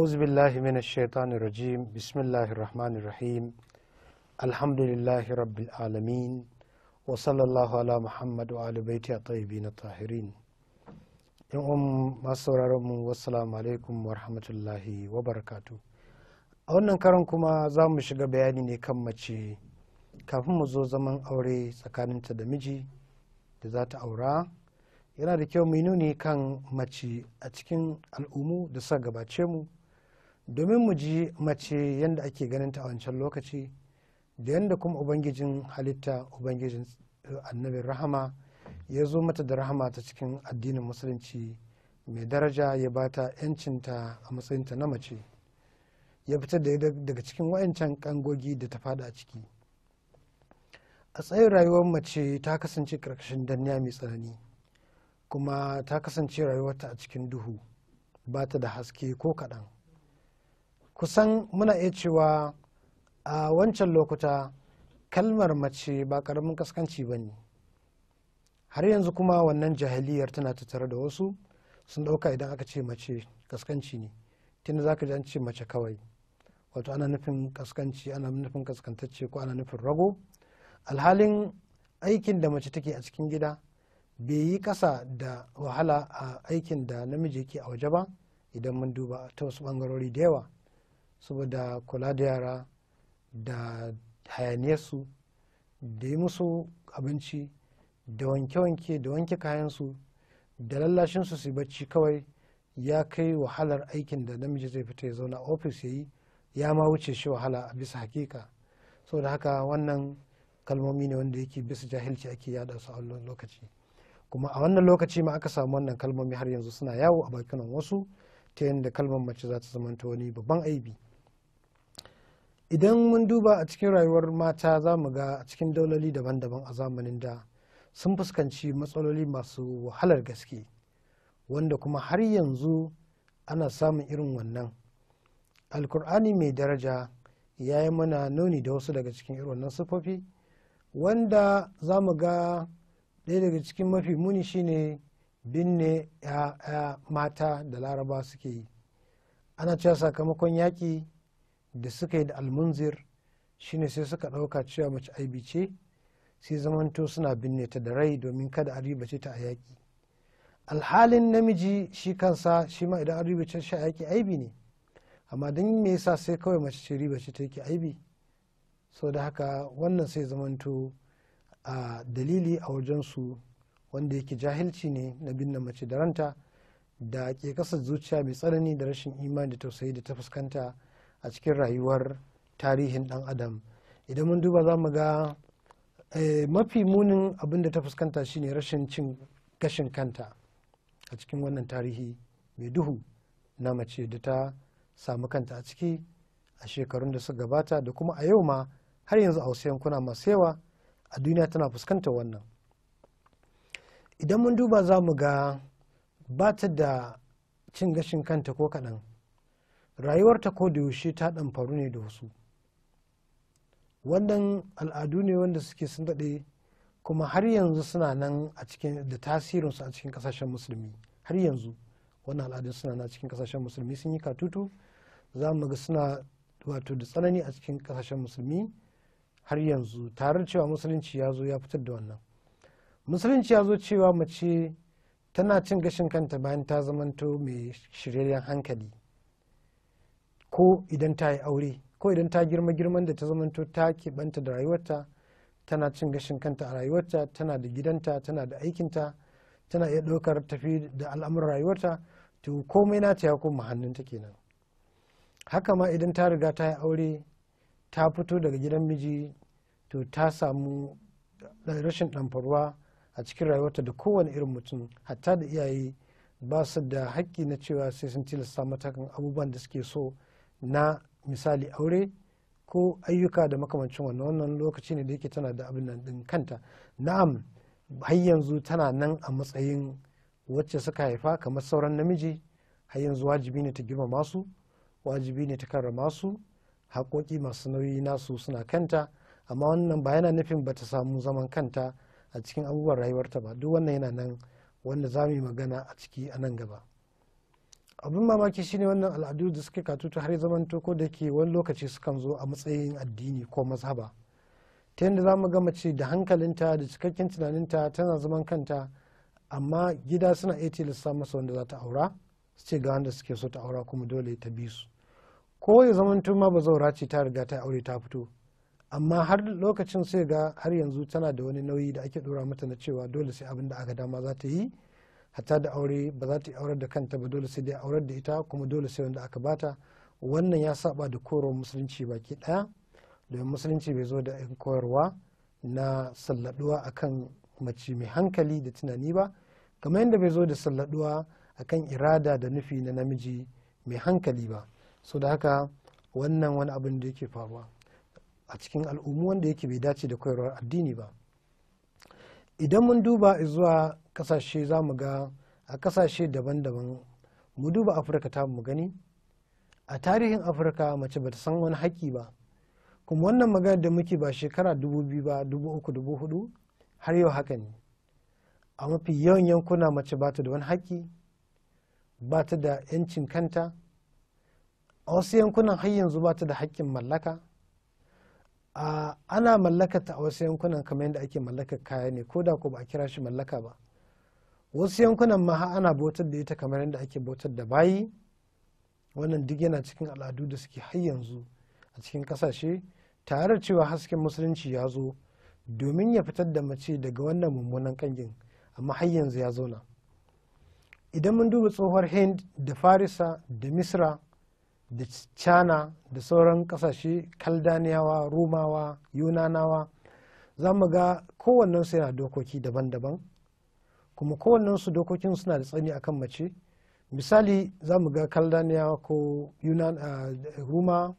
أعوذ بالله من الشيطان الرجيم بسم الله الرحمن الرحيم الحمد لله رب العالمين وصلى الله على محمد وعلى بيته الطيبين الطاهرين yan masu sauraron mu wassalamu alaikum wa rahmatullahi wa barakatu a wannan karan kuma za mu shiga bayani ne kan mace kafin mu zo zaman aure tsakaninta da miji da za ta aura yana da kyau mu nuni kan mace a cikin al'umu da suka gabace mu domin mu ji mace yadda ake ganin ta a wancan lokaci da yadda kuma ubangijin halitta ubangijin eh, annabin rahama ya zo mata da rahama ta cikin addinin musulunci mai daraja ya ba ta yancinta a matsayinta na mace ya fita da daga cikin wayancan kangogi da ta fada a ciki a tsayin rayuwar mace ta kasance karkashin danniya mai tsanani kuma ta kasance rayuwarta a cikin duhu ba ta da haske ko kaɗan kusan muna iya cewa a wancan lokuta kalmar mace ba karamin kaskanci ba ne har yanzu kuma wannan jahiliyar tana tattare da wasu sun ɗauka idan aka ce mace kaskanci ne tunda za ka ji an ce mace kawai wato ana nufin kaskanci ana nufin kaskantacce ko ana nufin rago alhalin aikin da mace take a cikin gida bai yi kasa da wahala a aikin da namiji yake a waje ba idan mun duba ta wasu bangarori da yawa saboda kula da yara da hayaniyarsu da yi musu abinci da wanke-wanke da wanke kayansu da lallashinsu su bacci kawai ya kai wahalar aikin da namiji zai fita ya zauna ofis ya yi ya ma wuce shi wahala a bisa hakika saboda haka wannan kalmomi ne wanda yake bisa jahilci ake yada su a lokaci kuma a wannan lokaci ma aka samu wannan kalmomi har yanzu suna yawo a bakin wasu ta yadda kalmar mace za ta zamanta wani babban aibi. idan mun duba a cikin rayuwar mata za mu ga a cikin dauloli daban-daban a zamanin da sun fuskanci matsaloli masu wahalar gaske wanda kuma har yanzu ana samun irin wannan alkur'ani mai daraja ya yi mana nuni da wasu daga cikin irin wannan siffofi wanda za mu ga ɗaya daga cikin mafi muni shine binne ya mata da laraba suke yi ana cewa sakamakon yaƙi da suka yi da almunzir ne sai suka ɗauka cewa mace aibi ce sai zamanto suna binne ta da rai domin kada a ribace ta a yaƙi alhalin namiji shi kansa shi ma idan a ribace shi a yaƙi aibi ne amma don me yasa sai kawai mace ce ribace ta yake aibi so da haka wannan sai zamanto a dalili a wajensu wanda yake jahilci ne na binne mace da ranta da ke kasa zuciya mai tsanani da rashin imani da tausayi da ta fuskanta a cikin rayuwar tarihin dan adam idan mun duba za mu ga eh, mafi munin abin da ta fuskanta shine rashin cin gashin kanta a cikin wannan tarihi mai duhu na mace da ta samu kanta a ciki a shekarun da suka gabata da kuma a yau ma har yanzu a wasu yankuna masu yawa a duniya tana fuskantar wannan idan mun duba za mu ga ba ta da cin gashin kanta ko kaɗan rayuwar ta ko da yaushe ta faru ne da wasu wannan al'adu ne wanda suke sun daɗe kuma har yanzu suna nan a cikin da tasirinsu a cikin ƙasashen musulmi har yanzu wannan al'adun suna nan a cikin ƙasashen musulmi sun yi katutu za mu ga suna wato da tsanani a cikin ƙasashen musulmi har yanzu tare cewa musulunci ya zo ya fitar da wannan musulunci ya zo cewa mace tana cin gashin kanta bayan ta zamanto mai shiryayyen hankali ko idan ta yi aure ko idan ta girma girman da ta zamanto ta keɓanta da rayuwarta tana cin gashin kanta a rayuwarta tana da gidanta tana da aikinta tana iya ɗaukar tafi da al'amuran rayuwarta to komai na ta ya koma hannunta kenan haka ma idan ta riga ta yi aure ta fito daga gidan miji to ta samu rashin ɗamfarwa a cikin rayuwarta da kowane irin mutum hatta da iyaye ba su da haƙƙi na cewa sai sun tilasta matakan abubuwan da suke so na misali aure ko ayyuka da makamancin wannan wannan lokaci ne da yake tana da abin nan din kanta na'am har yanzu tana nan a matsayin wacce suka haifa kamar sauran namiji har yanzu wajibi ne ta girmama su wajibi ne ta karrama su haƙoƙi masu nauyi nasu suna kanta amma wannan ba yana nufin ba ta samu zaman kanta a cikin abubuwan rayuwarta ba duk wannan yana nan wanda za mu yi magana a ciki a nan gaba abin mamaki shine wannan al'adu da suke katutu har to ko da ke wani lokaci sukan zo a matsayin addini ko mazhaba ta yadda za mu ga mace da hankalinta da cikakken tunaninta tana zaman kanta amma gida suna iya tilasta masa wanda za ta aura su ce ga wanda suke so ta aura kuma dole ta bi su ko ya zamanto ma ba zaura ce ta riga ta aure ta fito amma har lokacin sai ga har yanzu tana da wani nauyi da ake dora mata na cewa dole sai abin da aka dama za ta yi hatta da aure ba za ta aurar da kanta ba dole sai dai aurar da ita kuma dole sai wanda aka bata wannan ya saba da koron musulunci baki daya domin musulunci bai zo da yan koyarwa na salladuwa akan mace mai hankali da tunani ba kamar yadda bai zo da salladuwa akan irada da nufi na namiji mai hankali ba so da haka wannan wani abin da yake faruwa a cikin al'ummu wanda yake bai dace da koyarwar addini ba idan mun duba zuwa kasashe za mu ga a kasashe daban-daban mu duba afirka ta mu gani a tarihin afirka mace bata san wani haƙƙi ba kuma wannan magana da muke ba shekara dubu biyu ba dubu uku dubu hudu har yau haka ne a mafi yawan yankuna mace ba ta da wani haƙƙi ba ta da yancin kanta a wasu yankunan har yanzu ba ta da haƙƙin mallaka ana mallakata a wasu yankunan kamar yadda ake mallakar kaya ne ko da ko ba a kira shi mallaka ba wasu yankunan ma ana bautar da ita kamar yadda ake bautar da bayi wannan duk yana cikin al'adu da suke har yanzu a cikin kasashe tare da cewa hasken musulunci ya zo domin ya fitar da mace daga wannan mummunan kangin amma har yanzu ya zauna idan mun duba tsohuwar hind da farisa da misra da china da sauran kasashe kaldaniyawa rumawa yunanawa za mu ga kowannensu yana dokoki daban-daban kuma kowannensu dokokin suna da tsani akan mace misali za mu ga kaldaniya ko ah, ruma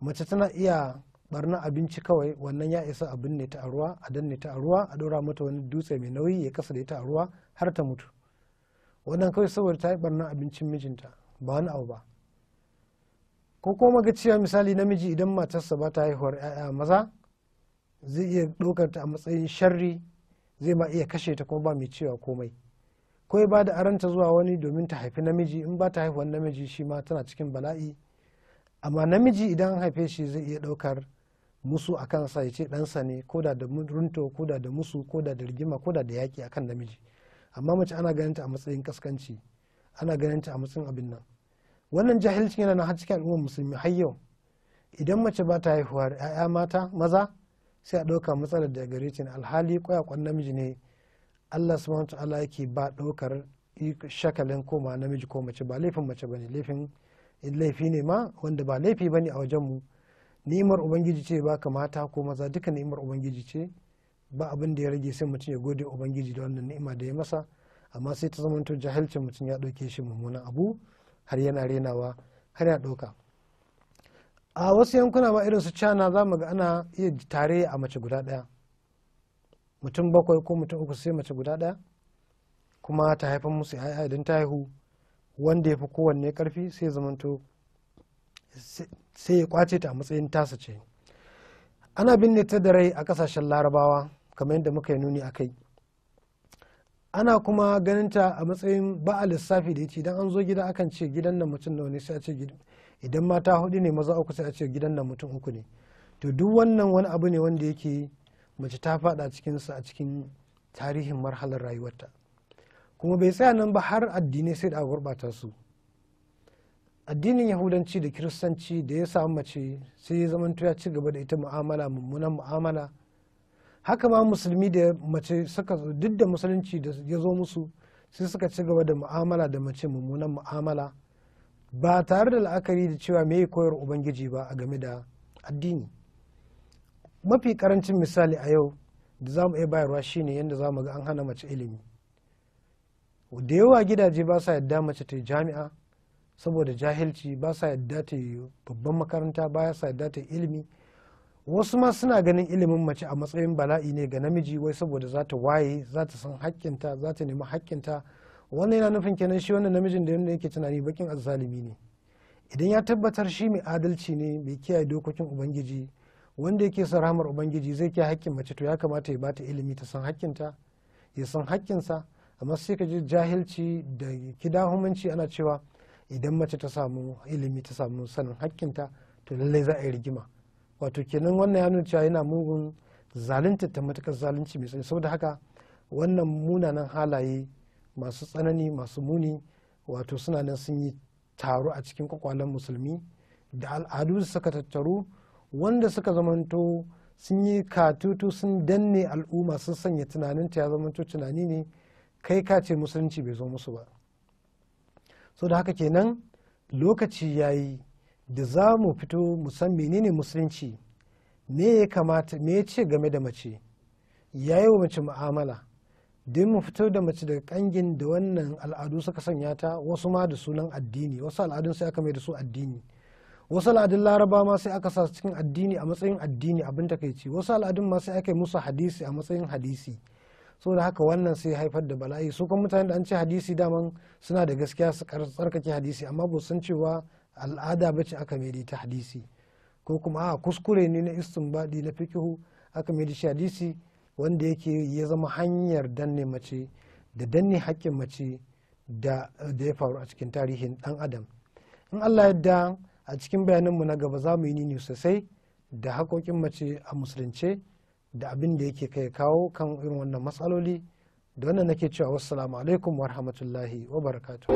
mace tana iya barna abinci kawai wannan ya isa abin ne ta a ruwa a danne ta a ruwa a ɗora mata wani dutse mai nauyi ya kasa da ita a ruwa har ta mutu wannan kawai saboda ta yi barna abincin mijinta ba wani abu ba ko kuma magaciya misali namiji idan matarsa ba ta haihuwar 'ya'ya maza zai iya ɗaukar ta a matsayin sharri zai ma iya kashe ta kuma ba mai cewa komai ko ya ba da aranta zuwa wani domin ta haifi namiji in ba ta haifi wani namiji shi ma tana cikin bala'i amma namiji idan an haife shi zai iya ɗaukar musu a kansa ya ce ɗansa ne ko da da runto ko da da musu ko da da rigima ko da da yaƙi akan namiji amma mace ana ganin ta a matsayin kaskanci ana ganin ta a matsayin abin nan wannan jahilcin yana na har cikin al'ummar musulmi har yau idan mace ba ta haihuwar 'ya'ya mata maza sai a ɗauka matsalar da gare ta alhali kwayakwan namiji ne allah su wa ala yake ba ɗaukar shakalin ko ma namiji ko mace ba laifin mace ba ne laifin laifi ne ma wanda ba laifi ba ne a wajenmu ni'imar ubangiji ce baka mata ko maza duka ni'imar ubangiji ce ba abin da ya rage sai mutum ya gode ubangiji da wannan ni'ima da ya masa amma sai ta zamanto jahilcin mutum ya ɗauke shi mummunan abu har yana renawa har yana ɗauka a wasu yankuna ma irin su cana za mu ga ana iya tare a mace guda ɗaya mutum bakwai ko mutum uku sai mace guda daya kuma ta haifan musu ya'ya idan ta haihu wanda ya fi kowanne karfi sai zamanto sai ya kwace ta a matsayin tasa ce ana binne ta da rai a kasashen larabawa kamar yadda muka yi nuni a kai ana kuma ganin ta a matsayin ba a lissafi da ya ce idan an zo gida akan ce gidan nan mutum nawa ne sai a ce idan mata hudu ne maza uku sai a ce gidan nan mutum uku ne to duk wannan wani abu ne wanda yake mace ta fada cikinsa a cikin tarihin marhalar rayuwarta kuma bai tsaya nan ba har addinai sai da gurbata su addinin yahudanci da kiristanci da ya samu mace sai ya zama ya ci gaba da ita mu'amala mummunan mu'amala haka ma musulmi da mace suka duk da musulunci da ya zo musu sai suka ci gaba da mu'amala da mace mummunan mu'amala ba tare da la'akari da cewa me koyar ubangiji ba a game da addini mafi karancin misali a yau da za mu iya bayarwa shine yadda za mu ga an hana mace ilimi da yawa gidaje ba sa yadda mace ta jami'a saboda jahilci ba sa yadda ta yi babban makaranta ba sa yadda ta ilimi wasu ma suna ganin ilimin mace a matsayin bala'i ne ga namiji wai saboda za ta waye za ta san hakkinta za ta nemi hakkinta wannan yana nufin kenan shi wannan namijin da yanda yake tunani bakin azzalimi ne idan ya tabbatar shi mai adalci ne mai kiyaye dokokin ubangiji wanda yake son rahamar ubangiji zai kiyaye hakkin mace to ya kamata ya bata ilimi ta san hakkinta ya san hakkinsa amma sai ka ji jahilci da kidahumanci ana cewa idan mace ta samu ilimi ta samu sanin hakkinta to lallai za a yi rigima wato kenan wannan ya nuna cewa yana mugun zalunta ta matukar zalunci mai tsanani saboda haka wannan munanan halaye masu tsanani masu muni wato suna nan sun yi taro a cikin kwakwalen musulmi da al'adu da suka tattaru wanda suka zamanto sun yi katutu sun danne al'umma sun sanya tunaninta ya zamanto tunani ne kai ka ce musulunci bai zo musu ba so da haka kenan lokaci ya yi da za mu fito mu san menene musulunci me ya kamata me ya ce game da mace ya yi wa mace mu'amala don mu fitar da mace daga kangin da wannan al'adu suka sanya ta wasu ma da sunan addini wasu al'adun sai aka mai da su addini wasu al'adun laraba ma sai aka sa cikin addini a matsayin addini abin takaici wasu al'adun ma sai aka yi musu hadisi a matsayin hadisi so da haka wannan sai haifar da bala'i su kuma mutane da an ce hadisi daman suna da gaskiya su tsarkake hadisi amma ba san cewa al'ada bace aka mai ta hadisi ko kuma a kuskure ne na istinbadi na fikihu aka mai da shi hadisi wanda yake ya zama hanyar danne mace da danne haƙƙin mace da ya faru a cikin tarihin ɗan adam in allah yadda a cikin bayaninmu na gaba za mu yi nini sosai da haƙoƙin mace a musulunce da abin da yake kai kawo kan irin wannan matsaloli da wannan nake cewa wassalamu alaikum wa rahmatullahi wa barakatuh